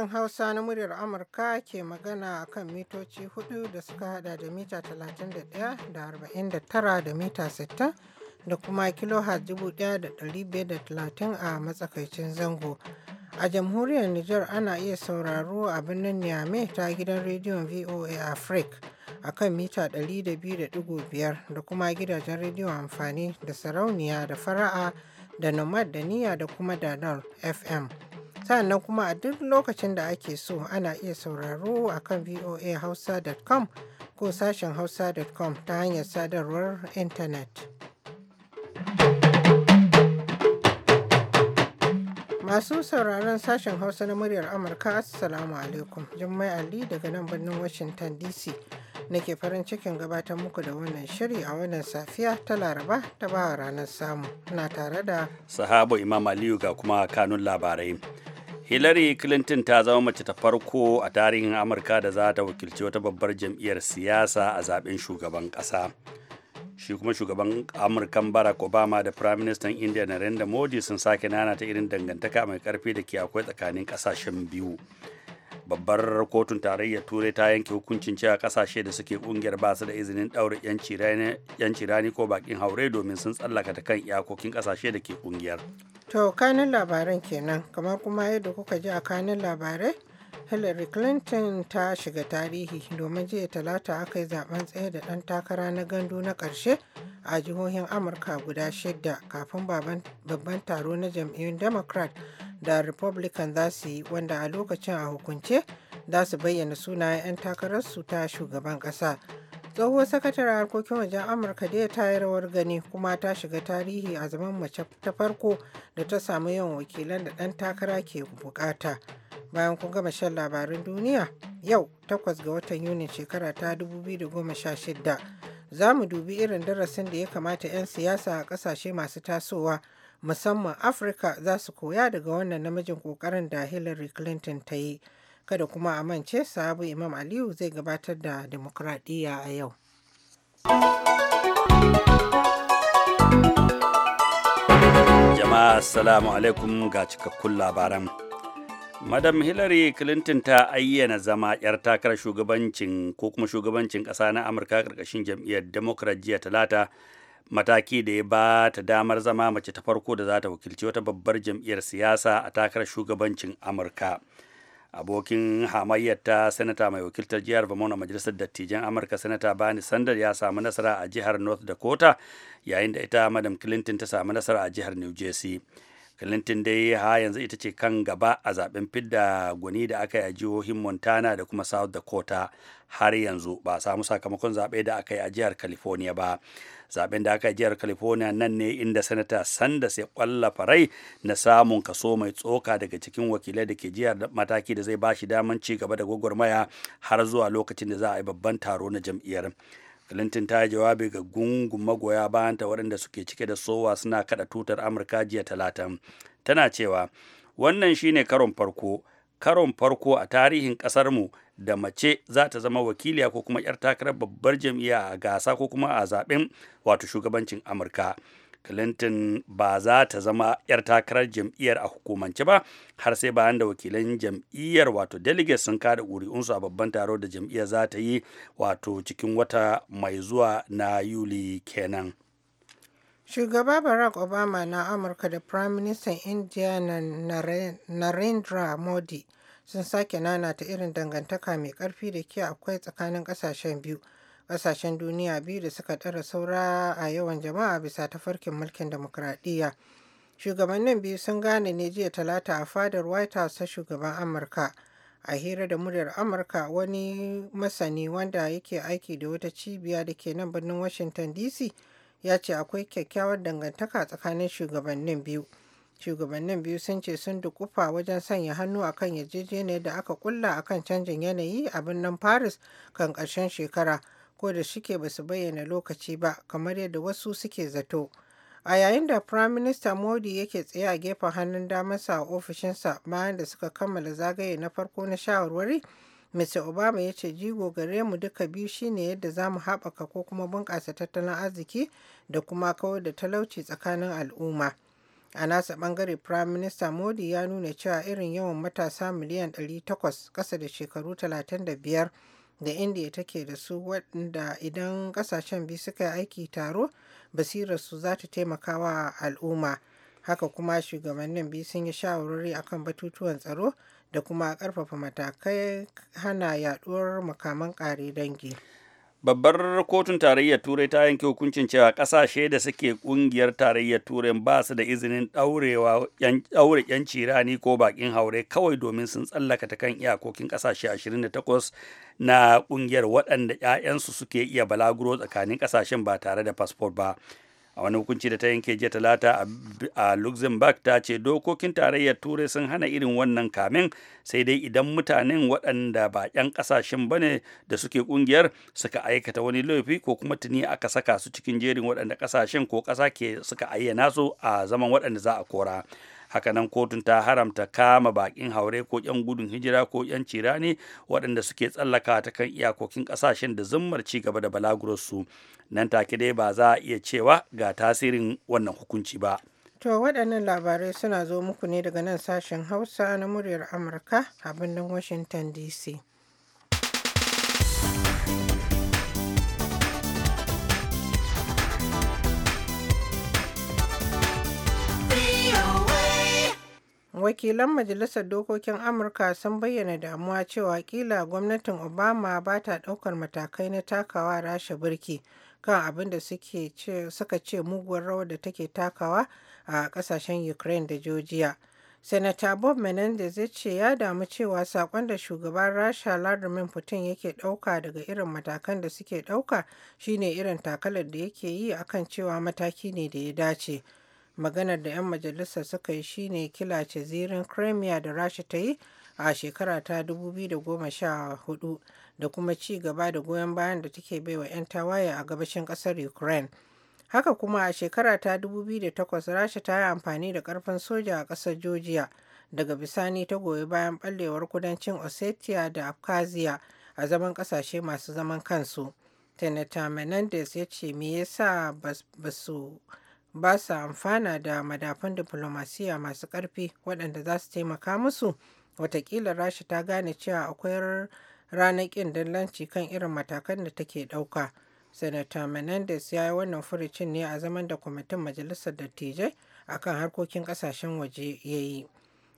Sashen Hausa na muryar Amurka ke magana a kan mitoci hudu da suka hada da mita 31 da 49 da mita 60 da kuma kilohertz 1530 a matsakaicin zango. A jamhuriyar Nijar ana iya sauraro a birnin Niamey ta gidan rediyon VOA Africa a kan mita 200.5 da kuma gidajen rediyon amfani da sarauniya da fara'a da nomad da niya da kuma dadar FM. sannan kuma a duk lokacin da ake so ana iya sauraro a kan voahausa.com ko sashen hausa.com ta hanyar sadarwar intanet. Masu sauraron sashen Hausa na muryar Amurka, Assalamu alaikum. Jummai Ali daga nan birnin Washington DC nake farin cikin gabatar muku da wannan shiri a wannan safiya ta Laraba ta bawa ranar samu. na tare da Sahabo Imam Aliyu ga kuma kanun labarai. Hillary Clinton ta zama mace ta farko a tarihin Amurka da za ta wakilci wata babbar jam'iyyar siyasa a zaben shugaban ƙasa. shi kuma shugaban amurkan barack obama da prime minister india narendra modi sun sake nana ta irin dangantaka mai karfi da ke akwai tsakanin kasashen biyu babbar kotun tarayyar turai ta yanke hukuncin cewa kasashe da suke kungiyar ba su da izinin daura yanci rani ko bakin haure domin sun tsallaka ta kan iyakokin kasashe da ke kungiyar to kanin labaran kenan kamar kuma yadda kuka ji a kanin labarai Hillary Clinton ta shiga tarihi domin jiya talata aka yi zaben tsaye da ɗan takara na gandu na ƙarshe a jihohin Amurka guda shida kafin babban taro na jam'iyyun Democrat da Republican za su yi wanda a lokacin a hukunce za su bayyana sunayen 'yan takararsu ta shugaban ƙasa. tsohuwar sakataren harkokin wajen amurka da ya yi rawar gani kuma ta shiga tarihi a zaman mace ta farko da ta samu yawan wakilan da ɗan takara ke bukata bayan kun gama shan labarin duniya yau 8 ga watan Yunin shekara ta 2016 za mu dubi irin darasin da ya kamata 'yan siyasa a ƙasashe masu tasowa musamman afirka za su koya daga wannan namijin ƙoƙarin da hillary clinton ta yi. Kada kuma a mance Imam Aliyu zai gabatar da demokradiyya a yau. Jama'a as-salamu alaikum ga cikakkun labaran. Madam Hillary Clinton ta ayyana zama 'yar takarar shugabancin ko kuma shugabancin ƙasa na Amurka ƙarƙashin jam'iyyar Democrat jiya Talata mataki da ya ba ta damar zama mace ta farko da za ta wakilci wata babbar jam'iyyar siyasa a takarar shugabancin Amurka. abokin hamayyar ta sanata mai wakiltar jihar vermont a majalisar dattijan amurka sanata bani sandar ya samu nasara a jihar north dakota yayin da ita madam clinton ta samu nasara a jihar new jersey clinton dai ha yanzu ita ce kan gaba a zaben fidda gwani da aka yi a jihohin montana da kuma south dakota har yanzu ba samu sakamakon zaɓe da aka yi a jihar california ba zaben da aka jihar california nan ne inda sanata sanders ya kwalla farai na samun kaso mai tsoka daga cikin wakilai da ke jihar mataki da zai ba shi daman ci gaba da gwagwarmaya har zuwa lokacin da za a yi babban taro na jam'iyyar Clinton ta yi jawabi ga gungun magoya bayanta waɗanda suke cike da sowa suna kada tutar Amurka jiya talata. Tana cewa, wannan shine karon farko karon farko a tarihin ƙasarmu da mace za ta zama wakiliya ko kuma 'yar takarar babbar jam'iyya a gasa ko kuma a zaben wato shugabancin amurka clinton ba za ta zama 'yar takarar jam'iyyar a hukumance ba har sai bayan da wakilan jam'iyyar wato delegates sun kada ƙuri'unsu a babban taro da jam'iyyar za ta yi wato cikin wata mai zuwa na yuli kenan. Shugaba Barack Obama na Amurka da prime Firaministan india Narendra Modi sun sake nanata irin dangantaka mai ƙarfi da ke akwai tsakanin ƙasashen biyu, ƙasashen duniya biyu da suka ɗara saura a yawan jama'a bisa tafarkin mulkin dimokuraɗiyya. Shugabannin biyu sun gane ne jiya talata a fadar White House ta shugaban Amurka. A hira da muryar Amurka wani masani wanda yake aiki da wata cibiya da ke nan birnin Washington DC ya ce akwai kyakkyawar dangantaka tsakanin shugabannin biyu shugabannin biyu sun ce sun dukufa wajen sanya hannu akan yarjejeniyar da aka kulla kan canjin yanayi a birnin paris kan ƙarshen shekara ko da shike ba su bayyana lokaci ba kamar yadda wasu suke zato a yayin da prime minister modi yake tsaye a gefen hannun damansa a ofishinsa bayan da suka kammala zagaye na farko na shawarwari Mr. Obama ya ce jigo gare mu duka biyu shine yadda za mu haɓaka ko kuma bunƙasa tattalin arziki da kuma kawar da talauci tsakanin al'umma. A nasa ɓangare Prime Minister Modi ya nuna cewa irin yawan matasa miliyan 800 ƙasa da shekaru 35 da India take da su waɗanda idan ƙasashen biyu suka yi aiki taro basirarsu za ta taimaka wa al'umma. Haka kuma shugabannin biyu sun yi shawarwari akan batutuwan tsaro da kuma ƙarfafa matakai hana yaduwar makaman ƙari dangi. Babbar kotun tarayyar Turai ta yanke hukuncin cewa ƙasashe da suke ƙungiyar tarayyar Turai ba su da izinin ɗaure yan cirani ko baƙin haure kawai domin sun tsallaka ta kan iyakokin ƙasashe 28 na ƙungiyar waɗanda ‘ya'yansu suke iya balaguro tsakanin ƙasashen ba tare da fasfo ba. a wani hukunci da ta yanke jiya talata a luxembourg ta ce dokokin tarayyar turai sun hana irin wannan kamin sai dai idan mutanen waɗanda ba 'yan ƙasashen bane da suke ƙungiyar suka aikata wani laifi ko kuma tuni aka saka su cikin jerin waɗanda ƙasashen ko ƙasa ke suka ayyana su a zaman waɗanda za a kora haka nan kotun ta haramta kama bakin haure ko 'yan gudun hijira ko 'yan cirani waɗanda suke tsallaka ta kan iyakokin ƙasashen da zummar ci gaba da balagurarsu nan take dai ba za a iya cewa ga tasirin wannan hukunci ba to waɗannan labarai suna zo muku ne daga nan sashen hausa na muryar amurka a birnin washington dc wakilan majalisar dokokin amurka sun bayyana damuwa cewa kila gwamnatin obama ba ta ɗaukar matakai na takawa rasha birki kan abin da suka ce muguwar rawar da take takawa a ƙasashen ukraine da georgia Senata Bob Menendez ya ce ya damu cewa sakon da shugaban Rasha Vladimir Putin yake ɗauka daga irin matakan da suke ɗauka shine irin takalar da yake yi akan cewa mataki ne da ya dace. maganar da 'yan majalisa suka yi shine kilace zirin crimea da rasha ta yi a shekara ta 2014 da kuma ci gaba da goyon bayan da take baiwa 'yan tawaye a gabashin kasar ukraine haka kuma a shekara ta 2008 rasha ta yi amfani da karfin soja a kasar georgia daga bisani ta goyi bayan ɓallewar kudancin ossetia da abkhazia a zaman kasashe masu zaman kansu senator menendez ya ce me yasa basu? ba sa amfana da madafan diplomasiya masu ƙarfi waɗanda za su taimaka musu watakila rasha ta gane cewa akwai ranar ƙin dallanci kan irin matakan da take ɗauka senator menendez ya yi wannan furucin ne a zaman da kwamitin majalisar dattijai akan harkokin ƙasashen waje ya yi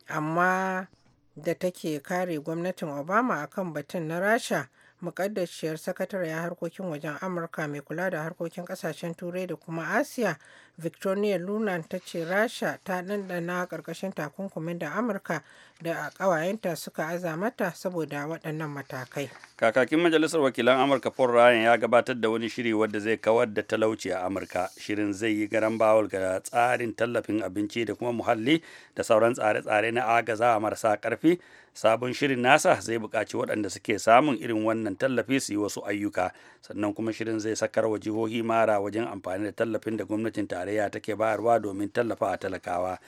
amma da take kare gwamnatin obama akan batun na rasha mukaddashiyar sakatariyar harkokin wajen amurka mai kula da harkokin ƙasashen turai da kuma asiya victoria nuland ta ce rasha ta ɗanɗana ƙarƙashin takunkumin da amurka da ƙawayenta suka aza mata saboda waɗannan matakai kakakin majalisar wakilan amurka paul ryan ya gabatar da wani shiri wadda zai kawar da talauci a amurka shirin zai yi garan bawul ga tsarin tallafin abinci da kuma muhalli da sauran tsare-tsare na agaza a marasa karfi sabon shirin nasa zai buƙaci waɗanda suke samun irin wannan tallafi su yi wasu ayyuka sannan kuma shirin zai sakar wa jihohi mara wajen amfani da tallafin da gwamnatin tare tarayya take bayarwa domin tallafa a talakawa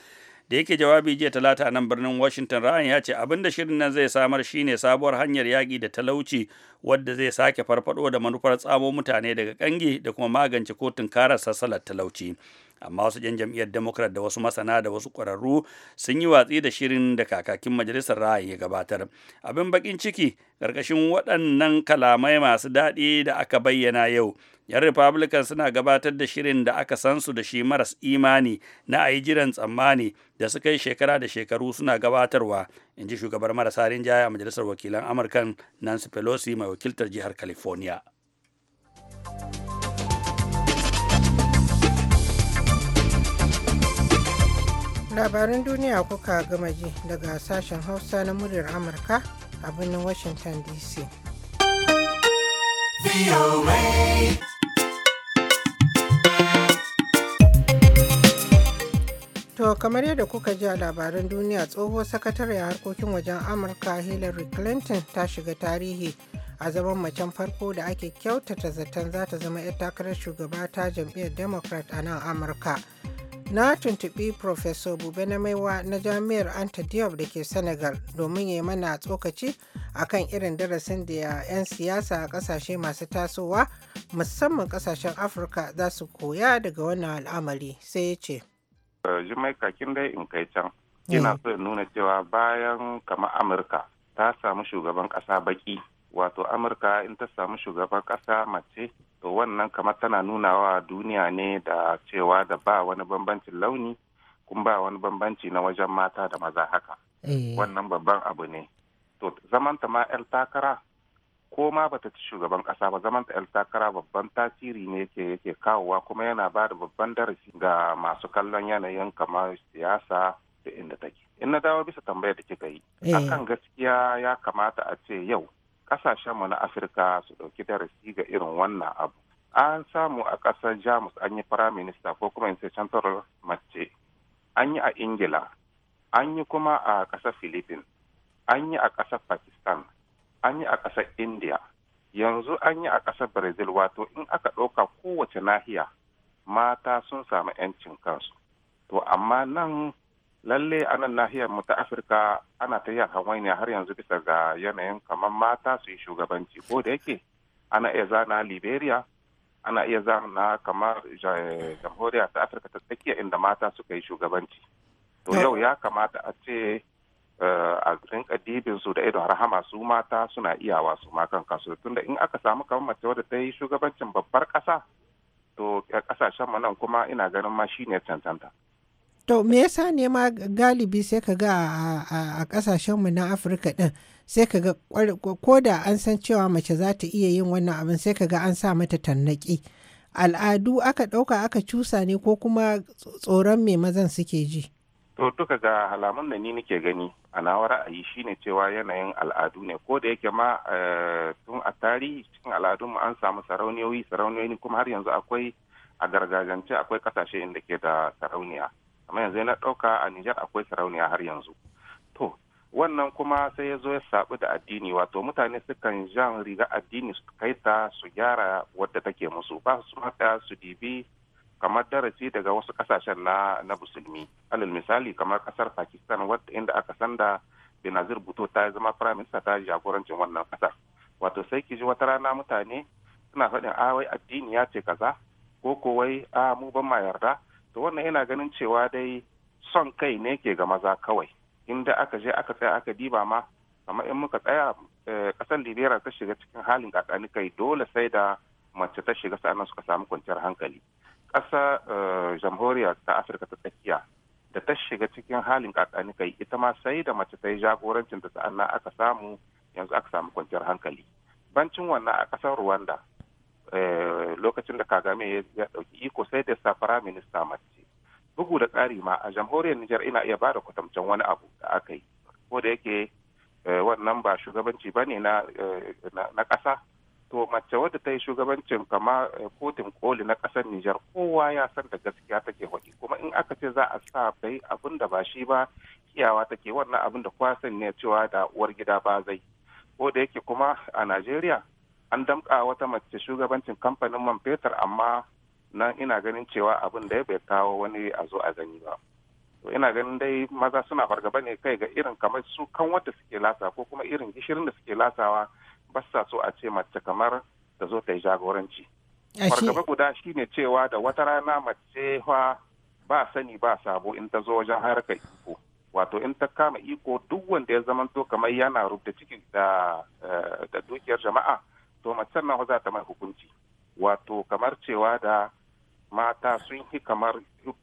da yake jawabi jiya talata nan birnin washington ra'ayin ya ce abin da shirin nan zai samar shine sabuwar hanyar yaƙi da talauci wadda zai sake farfado da manufar tsamo mutane daga kangi da kuma magance kotun karar sassalar talauci amma wasu 'yan jam'iyyar democrat da wasu masana da wasu ƙwararru sun yi watsi da shirin da kakakin majalisar ra'ayi ya gabatar abin bakin ciki ƙarƙashin waɗannan kalamai masu daɗi da aka bayyana yau 'yan republican suna gabatar da shirin da aka san su da shi maras imani na a jiran tsammani da suka yi shekara da shekaru suna gabatarwa in ji shugabar marasa rinjaya a majalisar wakilan amurkan nancy pelosi mai wakiltar jihar california labaran duniya kuka gama ji daga sashen hausa na muryar amurka a birnin washington dc To kamar yadda kuka ji a labaran duniya tsoho sakatare harkokin wajen Amurka Hillary Clinton ta shiga tarihi a zaman macen farko da ake kyautata zaton za ta zama 'yar takarar shugaba ta jam'iyyar Democrat a nan Amurka. na tuntubi Professor Bube na Maiwa na Jami'ar Anta Diop da ke Senegal domin ya mana tsokaci a kan irin darasin da 'yan siyasa a ƙasashe masu tasowa musamman ƙasashen Afirka za su koya daga wannan al'amari sai ya ce. Jimai kin dai in kai can. Eh. Ina so nuna cewa bayan kama Amurka ta samu shugaban ƙasa baki wato amurka in ta samu shugaban kasa mace to wannan kamar tana nunawa duniya ne da cewa da ba wani bambancin launi kun ba wani bambanci na wajen mata da maza haka eh. wannan babban abu ne to zamanta ma 'yar takara ko ma bata ci shugaban kasa ba zamanta 'yar takara babban tasiri ne yake yake kawowa kuma yana ba da babban darasi ga masu kallon yanayin kamar siyasa da inda take in na dawo bisa tambayar da kika yi eh. akan gaskiya ya kamata a ce yau kasashenmu na afirka su ɗauki darasi ga irin wannan abu an samu a ƙasar jamus an yi firaminista ko kuma in ce central mace an yi a ingila an yi kuma a ƙasar Filipin. an yi a ƙasar pakistan an yi a ƙasar india yanzu an yi a ƙasar brazil wato in aka ɗauka kowace nahiya mata sun samu 'yancin kansu to amma nan lalle a nan nahiyar mu ta afirka ana ta yin hawainiya har yanzu bisa ga yanayin kamar mata su yi shugabanci ko da yake ana iya zana liberia ana iya zana kamar eh, jamhuriya ta afirka ta tsakiya inda mata suka yi shugabanci to yau ya kamata a ce eh, a rinka dibin su da idon rahama su mata suna iyawa su ma kan kasu tunda in aka samu kamar mace wadda ta yi shugabancin babbar kasa to kasashen mu nan kuma ina ganin ma shine cancanta to me yasa ne ma galibi sai ka ga a kasashenmu na afirka din sai ka ga ko da an san cewa mace za ta iya yin wannan abin sai ka ga an sa mata tannaki al'adu aka ɗauka aka cusa ne ko kuma tsoron me mazan suke ji to duka ga alamun da ni nake gani a nawa ra'ayi shine cewa yanayin al'adu ne ko da yake ma eh, tun a tarihi cikin al'adun mu an samu sarauniyoyi sarauniyoyi kuma har yanzu akwai a gargajance akwai kasashe inda ke da sarauniya amma yanzu na ɗauka a Nijar akwai sarauniya har yanzu to wannan kuma sai ya zo ya saɓi da addini wato mutane sukan jan riga addini su kai ta su gyara wadda take musu ba su haka su dibi kamar darasi daga wasu kasashen na na musulmi alal misali kamar kasar pakistan wadda inda aka san da benazir bhutto ta zama prime minister ta jagorancin wannan kasar wato sai ki ji wata rana mutane suna faɗin a wai addini ya ce kaza ko ko wai a mu ban ma yarda to wannan yana ganin cewa dai son kai ne ke ga maza kawai inda aka je aka tsaya aka diba ma amma in muka tsaya kasar eh, libera ta shiga cikin halin kakani kai dole sai da mace ta shiga sa'anan suka samu kwanciyar hankali ƙasa eh, jamhuriya ta afirka ta tsakiya da ta shiga cikin halin kakani kai ita ma sai da mace ta yi jagorancin da sa'annan aka samu yanzu aka samu kwanciyar hankali bancin wannan a ƙasar rwanda Eh, lokacin da kagame ya ɗauki iko sai da sa fara minista mace bugu da tsari ma a jamhuriyar nijar ina iya bada da wani abu da aka yi ko da yake eh, wannan ba shugabanci ba ne eh, na ƙasa to mace wadda ta yi shugabancin kama kotun koli na ƙasar Nijar kowa ya san da gaskiya take haƙi kuma in aka ce za a sa bai yi abin da ba shi ba kiyawa take wannan abin da kwasan ne cewa da uwar gida ba zai ko da yake kuma a Najeriya an damka wata mace shugabancin kamfanin man fetur amma nan ina ganin cewa abin da ya bai kawo wani a zo a gani ba to ina ganin dai maza suna fargaba ne kai ga irin kamar su kan wata suke lasa ko kuma irin gishirin da suke lasawa ba sa so a ce mace kamar ta zo ta yi jagoranci fargaba guda shine cewa da wata rana mace fa ba sani ba sabo in ta zo wajen harkar iko wato in ta kama iko duk wanda ya zamanto kamar yana rubuta ciki eh, da dukiyar jama'a to macen nan za ta mai hukunci wato kamar cewa da mata sun yi kamar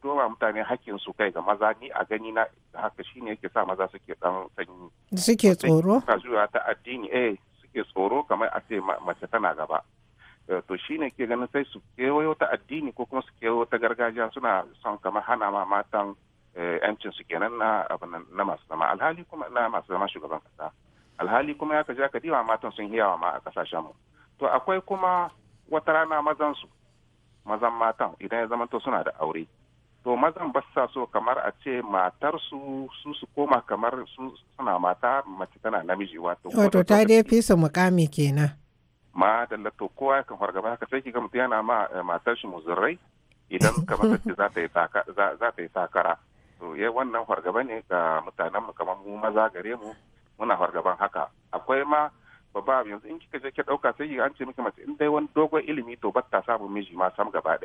doba mutane hakkin su kai ga maza ni a gani na haka shine yake sa maza suke dan sanyi suke tsoro ka zuwa ta addini eh suke tsoro kamar a ce mace tana gaba eh, to shine ke ganin sai su kewayo ta addini ko kuma su kewayo ta gargajiya suna son kamar hana ma matan eh, yancin su kenan na na masu zama alhali kuma na masu zama shugaban kasa alhali kuma ya ka ja ka diwa matan sun hiyawa ma a kasashen mu to akwai kuma wata rana mazan su mazan matan idan ya zama to suna da aure to mazan ba sa so kamar a ce matar su su su koma kamar su suna mata mace tana namiji wato wato ta dai fi mukami kenan ma da to kowa kan fargaba haka sai kiga mutum yana ma eh, matar shi muzurrai idan kamar ta ce za ta yi takara to ya eh, wannan fargaba ne ga mutanen mu kamar mu maza gare mu muna fargaban haka akwai ma babba yanzu in kika je ki dauka sai an ce miki mace in dai wani dogon ilimi to batta samun miji ma sam gaba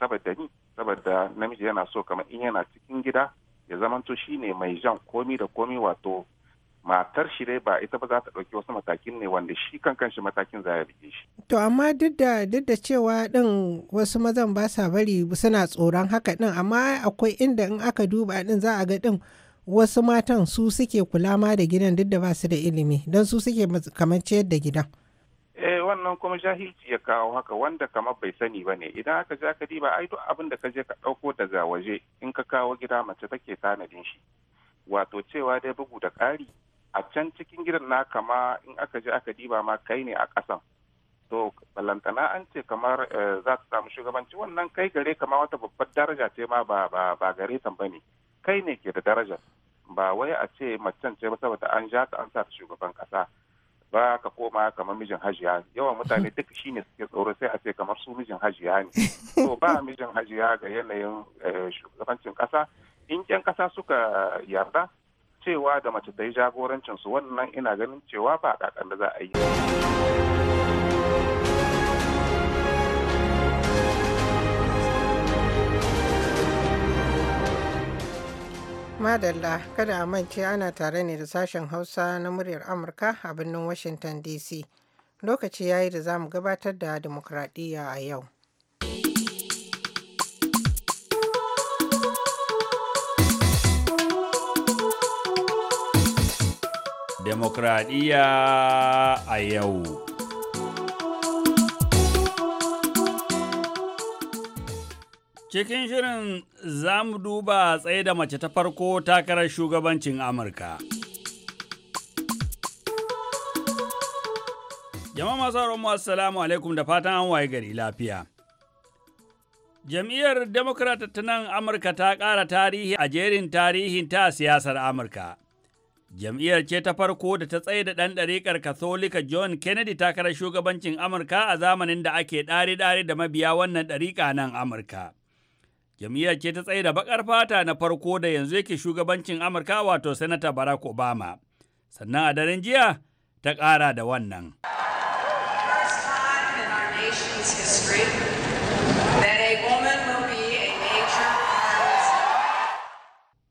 saboda ni saboda namiji yana so kamar in yana cikin gida ya zamanto shine mai jan komi da komi wato matar shi dai ba ita ba za ta ɗauki wasu matakin ne wanda shi kan kanshi matakin za ya rike shi. To amma duk da duk da cewa ɗin wasu mazan ba sa bari suna tsoron haka ɗin amma akwai inda in aka duba ɗin za a ga ɗin wasu matan su suke kula ma da gidan duk da ba su da ilimi don su suke kamar ciyar da gidan eh wannan kuma jahilci ya kawo haka wanda kamar bai sani ba ne idan aka ja ka diba ai duk abin da ka je ka ɗauko daga waje in ka kawo gida mace take tanadin shi wato cewa dai bugu da ƙari a can cikin gidan na kama in aka je aka diba ma kai ne a ƙasan to balantana an ce kamar eh, za ta samu shugabanci wannan kai gare kama wata babbar daraja ce ma ba gare ta ne. kai ne ke da daraja ba wai a ce macen ce ba saboda an ja ka an sa shugaban kasa ba ka koma kamar mijin hajiya yawan mutane duk ne suke tsoro sai a ce kamar su mijin hajiya ne to ba mijin hajiya ga yanayin eh, shugabancin kasa in yan kasa suka yarda cewa da mace ta yi jagorancin su wannan ina ganin cewa ba kakan da za a yi Madalla kada a mance ana tare ne da sashen Hausa na muryar Amurka a birnin Washington DC. Lokaci yayi da za mu gabatar da demokradiyya a yau. Demokradiyya a yau. Cikin shirin za mu duba tsaye da mace ta farko takarar shugabancin Amurka. Jama'a masu mu assalamu alaikum da fatan an waye gari lafiya. Jam'iyyar Democrat ta nan Amurka ta ƙara tarihi a jerin tarihin ta siyasar Amurka. Jam'iyyar ce ta farko da ta tsaye da ɗan ɗariƙar katholika John Kennedy takarar shugabancin Amurka a zamanin da ake ɗare-ɗare da mabiya wannan ɗariƙa nan Amurka. jam'iyyar ce ta tsaye da bakar fata na farko da yanzu yake shugabancin amurka wato sanata barack obama sannan a daren jiya ta ƙara da wannan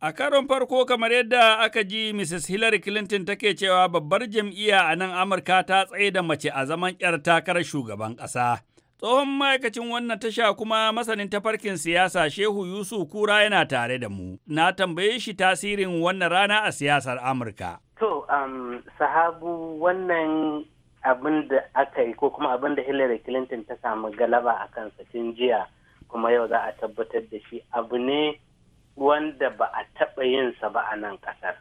A karon farko kamar yadda aka ji Mrs. Hillary Clinton take cewa babbar jam'iyya a nan Amurka ta tsaye da mace a zaman 'yar takarar shugaban ƙasa. Tsohon ma'aikacin wannan tasha kuma masanin tafarkin siyasa Shehu Yusuf Kura yana tare da mu. Na tambaye shi tasirin wannan rana a siyasar Amurka. To, um, sahabu wannan abin da aka yi ko kuma abin da Hillary Clinton ta samu galaba a kansa tun jiya kuma yau za a tabbatar da shi abu ne wanda ba a taɓa yinsa ba a nan ƙasar.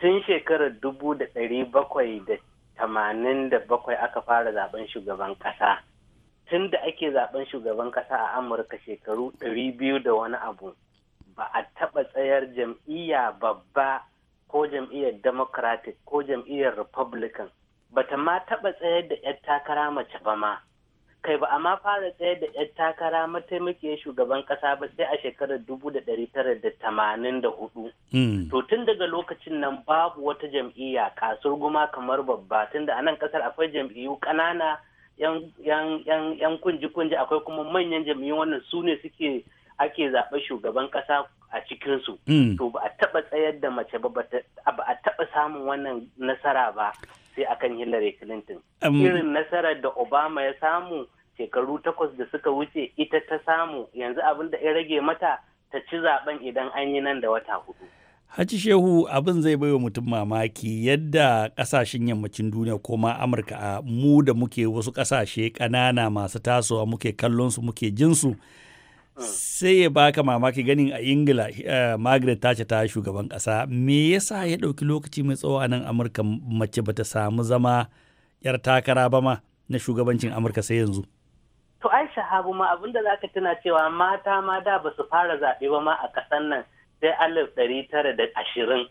Tun shekarar dubu da ɗari bakwai da tamanin da bakwai aka fara zaben shugaban ƙasa. tun da ake zaben shugaban kasa a amurka shekaru ɗari biyu da wani abu ba a taɓa tsayar jam'iyya babba ko jam'iyyar democratic ko jam'iyyar republican ba ta ma taɓa tsayar da 'yar takara mace ba ma kai ba a ma fara tsayar da 'yar takara mataimakiyar shugaban kasa ba sai a shekarar dubu da tara da tamanin da hudu. Hmm. To tun daga lokacin nan babu wata jam'iyya kasar guma kamar babba tun da anan kasar akwai jam'iyyu ƙanana yan kunji-kunji akwai kuma manyan jami'in wannan su ne suke ake zaɓe shugaban ƙasa a cikinsu. Hmm. To ba a taɓa tsayar da mace ba, ba a taɓa samun wannan nasara ba sai akan Hillary Clinton. Um, Irin nasarar da Obama ya samu shekaru takwas da suka wuce ita ta samu yanzu abin da ya rage mata ta ci zaɓen idan an yi nan da wata hudu. Haji Shehu abin zai baiwa mutum mamaki yadda kasashen yammacin duniya ko ma Amurka a mu da muke wasu kasashe kanana masu tasowa muke kallon su muke jinsu. Ah. Sai ya baka mamaki ganin a Ingila eh, margaret ta ce ta shugaban kasa me yasa ya dauki lokaci mai tsawo a nan Amurka mace bata samu zama 'yar takara ba ma na shugabancin Amurka sai yanzu. To aisha shahabu ma abinda zaka tuna cewa mata ma da basu fara zaɓe ba ma a kasan nan. sai alif ɗari tara da ashirin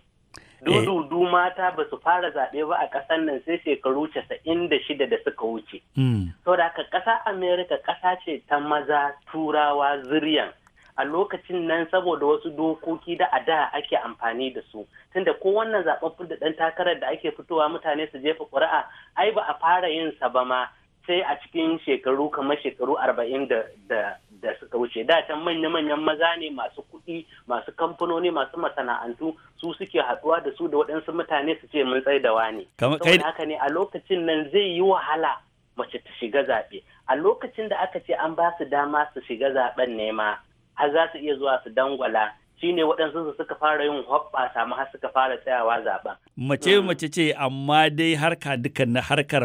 eh. dudu mata ba su fara zaɓe ba a ƙasar nan sai shekaru casa'in da shida da suka wuce. Hmm. Sau da haka ƙasa Amerika ƙasa ce ta maza turawa zuriyan. A lokacin nan saboda wasu dokoki da a da ake amfani da su. Tunda ko wannan zaɓaɓɓun da ɗan takarar da ake fitowa mutane su jefa ƙuri'a ai ba a fara yin sa ba ma sai a cikin shekaru kamar shekaru arba'in da suka wuce da can manya-manyan maza ne masu kuɗi masu kamfanoni masu masana'antu su suke haɗuwa da su da waɗansu mutane su ce mun tsaye da wani Kamar haka ne a lokacin nan zai yi wahala mace ta shiga zaɓe a lokacin da aka ce an ba su dama su shiga zaɓen nema har za su iya zuwa su dangwala shine waɗansu su suka fara yin hoɓɓa samu har suka fara tsayawa zaɓen. Mace mm. mace ce amma dai harka dukkan na harkar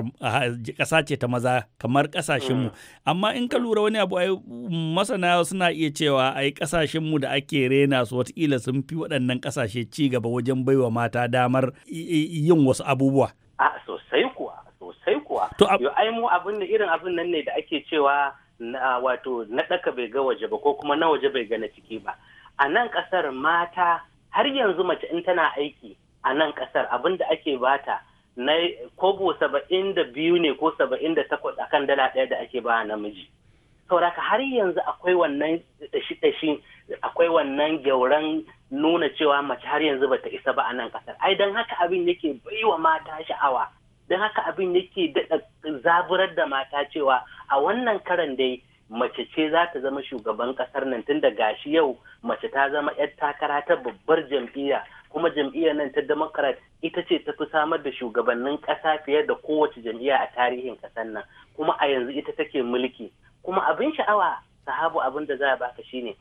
ƙasa ce ta maza kamar ƙasashenmu. Mm. Amma in ka lura wani abu masana suna iya cewa ai ƙasashenmu da ake rena su watakila sun fi waɗannan ƙasashe ci gaba wajen baiwa mata damar yin wasu abubuwa. A sosai kuwa sosai kuwa. To ai mu abin da irin abin nan ne da ake cewa na wato na ɗaka bai ga waje ba ko kuma na waje bai ga na ciki ba. a nan ƙasar mata har yanzu mace in tana aiki a nan ƙasar abin da ake bata na kobo saba'in da biyu ne ko saba'in da takwas akan dala ɗaya da ake ba namiji sauraka har yanzu akwai wannan tashi-tashi akwai wannan gyauran nuna cewa mace har yanzu bata isa ba a nan ƙasar ai don haka abin yake wa mata sha'awa don haka abin yake daɗa zaburar da mata cewa a wannan karan dai mace ce za ta zama shugaban kasar nan tun da shi yau mace ta zama 'yar takara ta babbar jam'iyya kuma jam'iyyar nan ta democrat ita ce ta fi samar da shugabannin ƙasa fiye da kowace jam'iyya a tarihin ƙasar nan kuma a yanzu ita take mulki kuma abin sha'awa sahabu abin da za a baka shine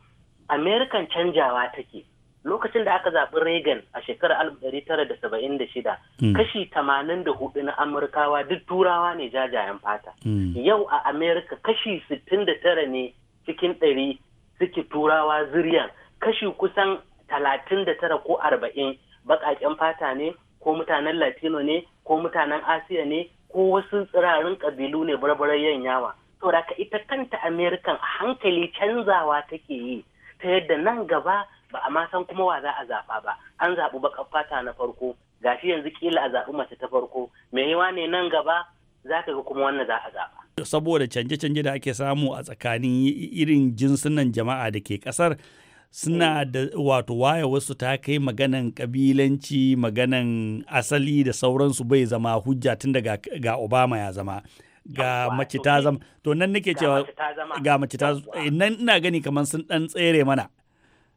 american canjawa take lokacin da aka zaɓi Reagan a shekarar 1976 hmm. kashi 84 na Amurkawa duk turawa ne jajayen fata. Hmm. Yau a Amerika kashi 69 ne cikin ɗari suke turawa zuriyar kashi kusan 39 ko 40 baƙaƙen fata ne ko mutanen Latino ne ko mutanen Asiya ne ko wasu tsirarin ƙabilu ne barbarayen yawa. Saboda ita kanta Amerikan hankali canzawa take yi ta yadda nan gaba ba a ma san kuma wa za a zaɓa ba an zaɓi baƙar fata na farko gashi yanzu kila a zaɓi mace ta farko me yawa ne nan gaba za ka ga kuma wannan za a zaɓa. saboda canje-canje da ake samu a tsakanin irin jinsunan jama'a da ke ƙasar suna mm. da wato waya wasu ta kai maganan kabilanci maganan asali da sauransu bai zama hujja tun daga ga obama ya zama ga mace ta zama to nan nake cewa ga mace ta eh, nan ina gani kamar sun dan tsere mana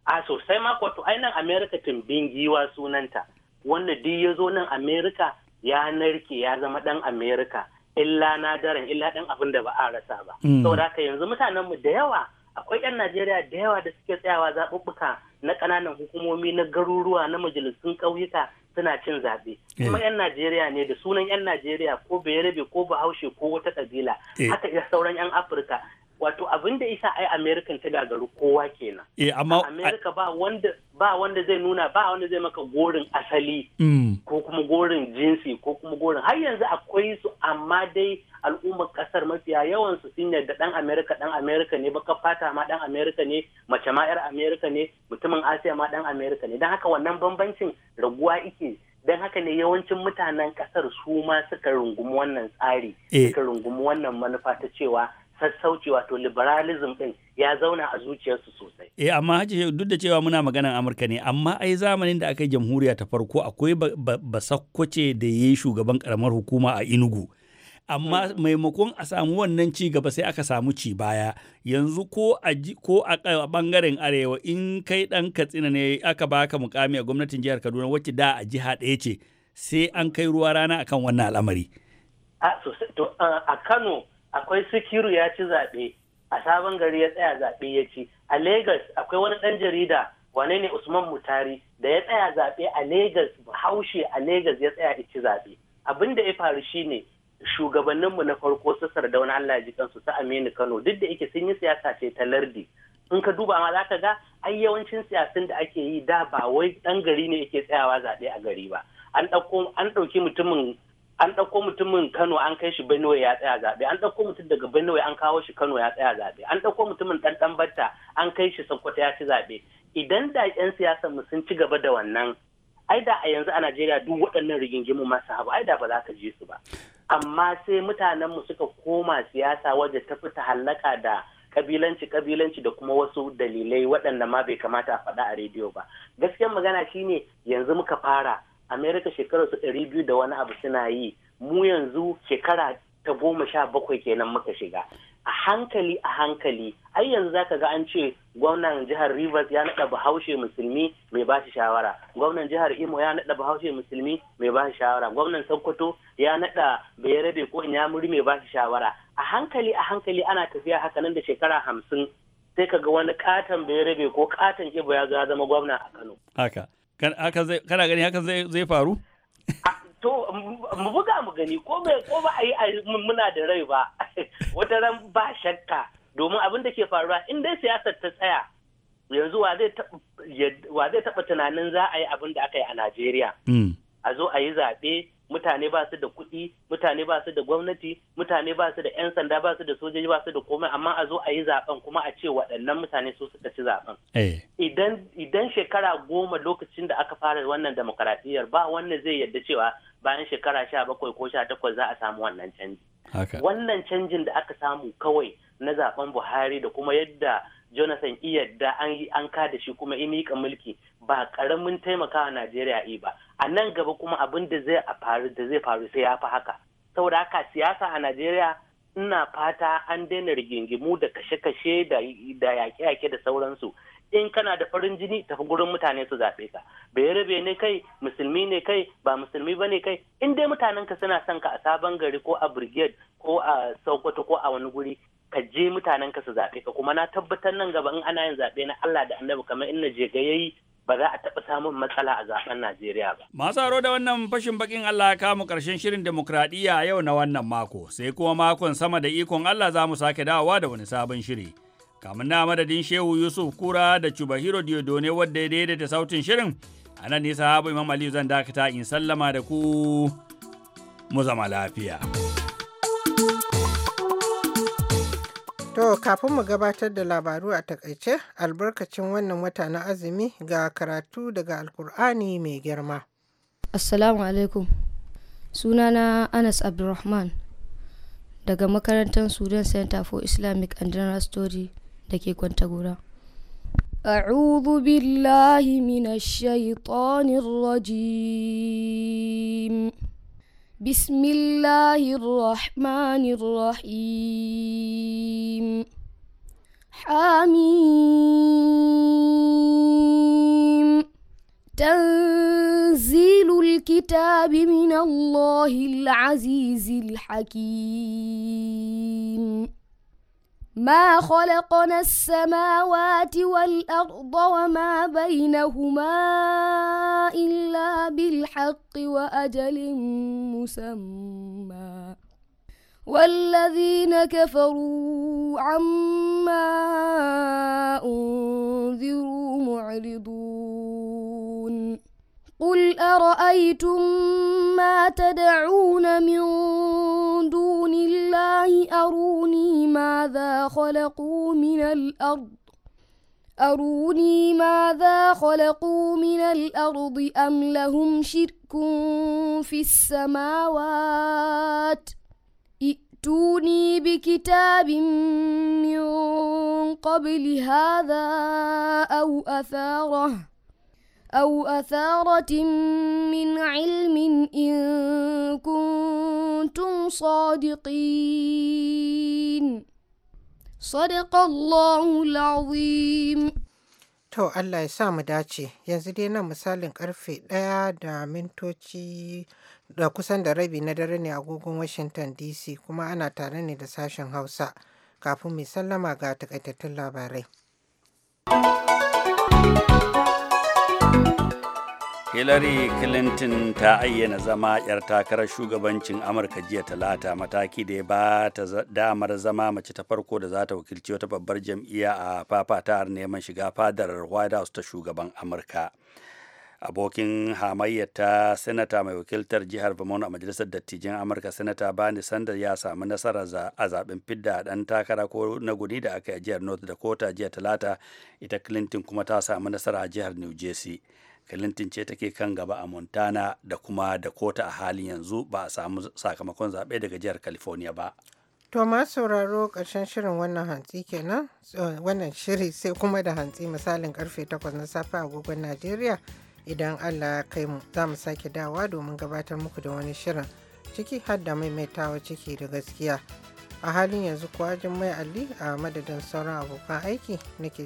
a sosai ma kwato ainihin america tun giwa sunanta wanda duk ya zo nan Amerika. ya narke ya zama dan Amerika. illa na daren illa dan abin da ba a rasa ba mm. saboda haka yanzu mutanenmu da yawa akwai 'yan najeriya da yawa da suke tsayawa zaɓuɓɓuka na ƙananan hukumomi na garuruwa na majalisun ƙauyuka suna cin zaɓe eh. kuma 'yan najeriya ne da sunan 'yan najeriya ko bayarabe ko bahaushe ko wata ƙabila eh. haka sauran 'yan afirka wato abin da isa ai american ta gagaru kowa kenan eh amma america ba wanda ba wanda zai nuna ba wanda zai maka gorin asali mm. ko kuma gorin jinsi ko kuma gorin har yanzu akwai su amma dai al'ummar kasar mafiya yawan su sun yarda dan america dan america ne baka fata ma dan america ne mace ma yar america ne mutumin asiya ma dan america ne dan haka wannan bambancin raguwa ike dan haka ne yawancin mutanen kasar su ma suka rungumi wannan tsari eh. suka rungumi wannan manufa ta cewa sassauci wato liberalism ɗin ya zauna a zuciyarsu sosai. Eh amma haji duk da cewa muna maganar Amurka ne amma ai zamanin da aka yi jamhuriya ta farko akwai basakkoce da ya yi shugaban karamar hukuma a Inugu. Amma hmm. maimakon a samu wannan ci gaba sai aka samu ci baya yanzu ko a ko a bangaren arewa in kai ɗan katsina ne aka baka mukami a gwamnatin jihar Kaduna wacce da a jiha ɗaya ce sai an kai ruwa rana akan wannan al'amari. a Kano akwai sikiru ya ci zaɓe a sabon gari ya tsaya zaɓe ya ci a Legas akwai wani ɗan jarida wane ne usman mutari da ya tsaya zaɓe a Legas? haushe a Legas ya tsaya ci zaɓe abin da ya faru shine shugabanninmu na farko su sardauna allah ji kansu su aminu kano duk da yake sun yi siyasa ce ta lardi in ka duba ma zaka ga ai yawancin siyasan da ake yi da ba wai ɗan gari ne yake tsayawa zaɓe a gari ba an ɗauki mutumin an ɗauko mutumin Kano an kai shi Benue ya tsaya zaɓe, an ɗauko mutum daga Benue an kawo shi Kano ya tsaya zaɓe, an ɗauko mutumin ɗanɗan batta an kai shi Sokoto ya ci zaɓe. Idan da 'yan siyasa mu sun ci gaba da wannan, ai da a yanzu a Najeriya duk waɗannan rigingimu masu habu, ai da ba za ka ji su ba. Amma sai mutanen mu suka koma siyasa wajen ta fi ta hallaka da kabilanci kabilanci da kuma wasu dalilai waɗanda ma bai kamata a faɗa a rediyo ba. Gaskiyar magana shine yanzu muka fara amerika shekarar su ɗari biyu da wani abu suna yi mu yanzu shekara ta goma sha bakwai kenan muka shiga a hankali a hankali ai yanzu zaka ga an ce gwamnan jihar rivers ya naɗa bahaushe musulmi mai ba shi shawara gwamnan jihar imo ya naɗa bahaushe musulmi mai ba shi shawara gwamnan sokoto ya naɗa bayarabe ko inyamuri mai ba shi shawara a hankali a hankali ana tafiya haka nan da shekara hamsin sai ka ga wani katon bayarabe ko katon ibo ya zama gwamna a kano kana gani hakan zai faru to mu buga mu gani ko ba a yi muna da rai ba wata ran ba shakka domin abin da ke faruwa in dai siyasar ta tsaya yanzu wa zai taɓa tunanin za a yi abin da aka yi a Najeriya hmm. a zo a yi zaɓe mutane ba su da kuɗi mutane ba su da gwamnati mutane ba su da 'yan sanda ba su da sojoji ba su da komai amma a zo a yi zaben kuma a ce waɗannan mutane su suka ci zaben eh. idan shekara goma lokacin da aka fara wannan demokaradiyyar ba wannan zai yarda cewa bayan shekara sha bakwai ko sha takwas za a samu wannan canji wannan canjin da aka samu kawai na zaben buhari da kuma yadda jonathan iyadda an ka da shi kuma ya mika mulki ba ƙaramin taimakawa najeriya yi ba a nan gaba kuma abin da zai faru da zai faru sai ya fi haka saboda haka siyasa a najeriya ina fata an daina rigingimu da kashe-kashe da yaƙe-yaƙe da sauransu in kana da farin jini tafi gurin mutane su zaɓe ka bayarabe ne kai musulmi ne kai ba musulmi ba ne kai in dai mutanen ka suna son ka a sabon gari ko a brigade ko a sokoto ko a wani guri ka je mutanen ka su zaɓe ka kuma na tabbatar nan gaba in ana yin zaɓe na Allah da Annabi kamar in je ga yayi ba za a taɓa samun matsala a zaben Najeriya ba. Masu aro da wannan fashin bakin Allah ya kamu ƙarshen shirin demokradiyya yau na wannan mako sai kuma makon sama da ikon Allah za mu sake dawowa da wani sabon shiri. Kamun na madadin Shehu Yusuf Kura da Chubahiro Diodone wadda ya daidaita sautin shirin a nan nisa Imam Aliyu zan dakata in sallama da ku mu zama lafiya. To kafin mu gabatar da labaru a takaice albarkacin wannan wata na azumi ga karatu daga alkur'ani mai girma. Assalamu alaikum. Sunana Anas Abdulrahman daga makarantar Sudan Center for Islamic and General Study da ke Kwantagora. أعوذ بالله من الشيطان الرجيم بسم الله الرحمن الرحيم حميم تنزيل الكتاب من الله العزيز الحكيم ما خلقنا السماوات والأرض وما بينهما إلا بالحق وأجل مسمى والذين كفروا عما أنذروا معرضون قل أرأيتم ما تدعون من دون الله أروني ماذا خلقوا من الأرض أروني ماذا خلقوا من الأرض أم لهم شرك في السماوات ائتوني بكتاب من قبل هذا أو أثاره أو أثارة من علم إن كنتم صادقين صدق الله العظيم To Allah ya sa mu dace, yanzu dai nan misalin karfe ɗaya da mintoci da kusan da rabi na dare ne agogon Washington DC kuma ana tare ne da sashen Hausa kafin mai sallama ga takaitattun labarai. hillary clinton ta ayyana zama 'yar takarar shugabancin amurka jiya talata mataki da ya ba ta damar zama mace ta farko da za ta wakilci wata babbar jam'iyya a har neman shiga fadar white house ta shugaban amurka abokin hamayyar ta senata mai wakiltar jihar vermont a majalisar dattijan amurka senata bani sanders ya samu nasara a zaben fidda a dan takara ko na guni da aka yi a jihar north dakota jiya talata ita clinton kuma ta samu nasara a jihar new jersey clinton ce take kan gaba a montana da kuma da dakota a halin yanzu ba a samu sakamakon zaɓe daga jihar california ba to sauraro ƙarshen shirin wannan hantsi kenan wannan shiri sai kuma da hantsi misalin karfe 8 na safe agogon najeriya idan allah ya kai mu za mu sake dawa domin gabatar muku da wani shirin ciki har da maimaitawa ciki da gaskiya a halin yanzu kuwa jin mai ali a madadin sauran abokan aiki nake